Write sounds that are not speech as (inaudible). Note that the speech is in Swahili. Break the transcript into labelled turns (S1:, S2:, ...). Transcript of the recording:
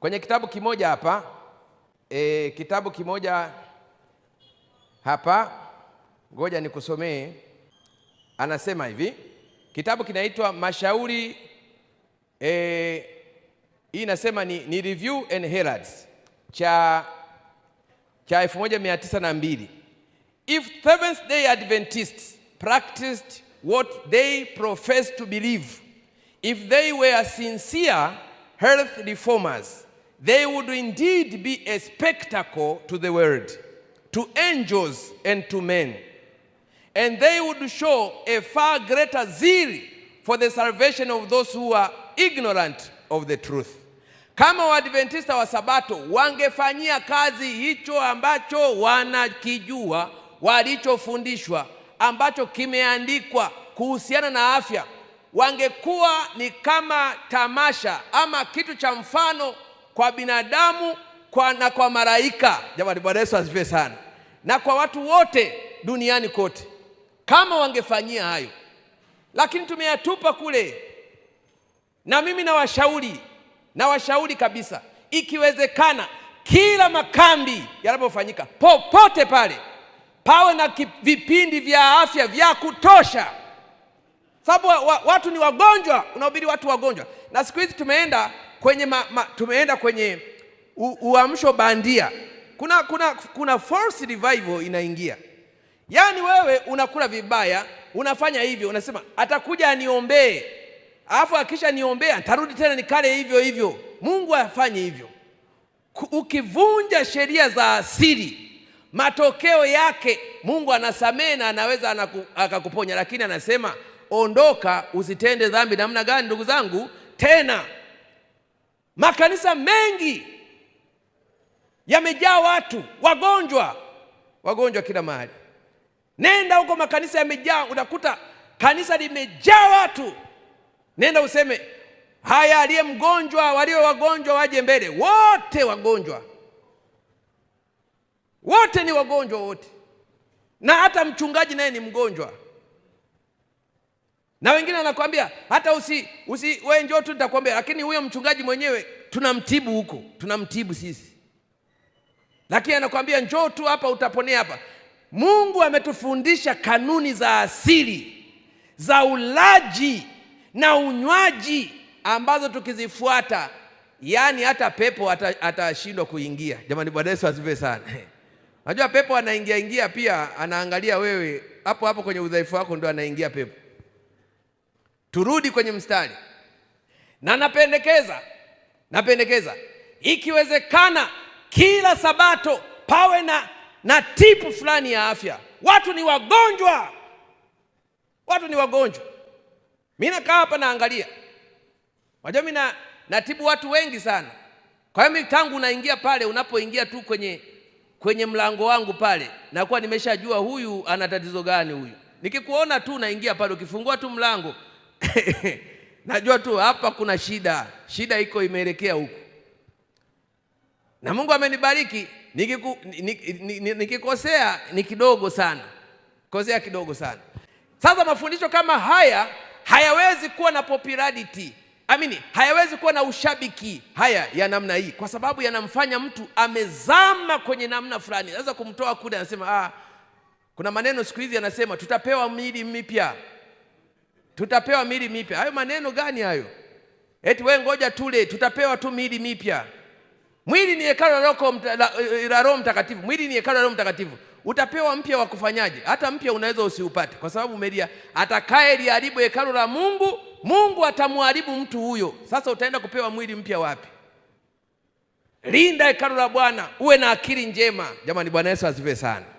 S1: Kwenye kitabu kimoja hapa e, kitabu kimoja hapa, ngoja nikusomee. Anasema hivi kitabu kinaitwa Mashauri e, hii inasema ni, ni Review and Heralds cha cha 1902 if Seventh Day Adventists practiced what they profess to believe if they were sincere health reformers they would indeed be a spectacle to the world, to angels and to men. And they would show a far greater zeal for the salvation of those who are ignorant of the truth. Kama Waadventista wa Sabato wangefanyia kazi hicho ambacho wanakijua, walichofundishwa, ambacho kimeandikwa kuhusiana na afya, wangekuwa ni kama tamasha ama kitu cha mfano kwa binadamu kwa na kwa malaika. Jamani, Bwana Yesu asifiwe sana, na kwa watu wote duniani kote, kama wangefanyia hayo, lakini tumeyatupa kule. Na mimi nawashauri, nawashauri kabisa, ikiwezekana kila makambi yanapofanyika popote pale pawe na vipindi vya afya vya kutosha, sababu wa, wa, watu ni wagonjwa, unahubiri watu wagonjwa, na siku hizi tumeenda kwenye ma, ma, tumeenda kwenye uamsho bandia. Kuna, kuna, kuna force revival inaingia, yaani wewe unakula vibaya, unafanya hivyo, unasema atakuja aniombee, alafu akisha niombea ntarudi tena nikale hivyo hivyo. Mungu afanye hivyo. Ukivunja sheria za asili matokeo yake Mungu anasamehe na anaweza anaku, akakuponya, lakini anasema ondoka, usitende dhambi. Namna gani, ndugu zangu? Tena Makanisa mengi yamejaa watu wagonjwa, wagonjwa kila mahali. Nenda huko, makanisa yamejaa, unakuta kanisa limejaa watu. Nenda useme haya, aliye mgonjwa, walio wagonjwa waje mbele, wote wagonjwa, wote ni wagonjwa wote, na hata mchungaji naye ni mgonjwa na wengine wanakuambia hata usi, usi wewe njoo tu nitakwambia, lakini huyo mchungaji mwenyewe tunamtibu huko, tunamtibu sisi, lakini anakwambia njoo tu hapa, utaponea hapa. Mungu ametufundisha kanuni za asili za ulaji na unywaji ambazo tukizifuata, yaani hata pepo atashindwa kuingia. Jamani, Bwana Yesu asifiwe sana. (laughs) Najua pepo anaingia ingia pia, anaangalia wewe hapo hapo kwenye udhaifu wako, ndo anaingia pepo turudi kwenye mstari, na napendekeza napendekeza ikiwezekana, kila Sabato pawe na, na tipu fulani ya afya. Watu ni wagonjwa, watu ni wagonjwa. Mi nakaa hapa naangalia, wajua mi na, natibu watu wengi sana. Kwa hiyo mi tangu unaingia pale, unapoingia tu kwenye kwenye mlango wangu pale, nakuwa nimeshajua huyu ana tatizo gani. Huyu nikikuona tu unaingia pale, ukifungua tu mlango (laughs) najua tu hapa kuna shida, shida iko imeelekea huku, na Mungu amenibariki. Nikikosea ni kidogo sana, kosea kidogo sana. Sasa mafundisho kama haya hayawezi kuwa na popularity amini, hayawezi kuwa na ushabiki haya ya namna hii, kwa sababu yanamfanya mtu amezama kwenye namna fulani, naweza kumtoa kule, anasema ah, kuna maneno siku hizi yanasema tutapewa miili mipya tutapewa mili mipya. Hayo maneno gani hayo? Eti wewe ngoja tule, tutapewa tu mili mipya. Mwili ni hekalo eh, eh, la Roho Mtakatifu. Mwili ni hekalo la Roho Mtakatifu. Utapewa mpya wa kufanyaje? Hata mpya unaweza usiupate, kwa sababu umelia. Atakaye liharibu hekalo la Mungu, Mungu atamharibu mtu huyo. Sasa utaenda kupewa mwili mpya wapi? Linda hekalo la Bwana, uwe na akili njema. Jamani, Bwana Yesu asifiwe sana.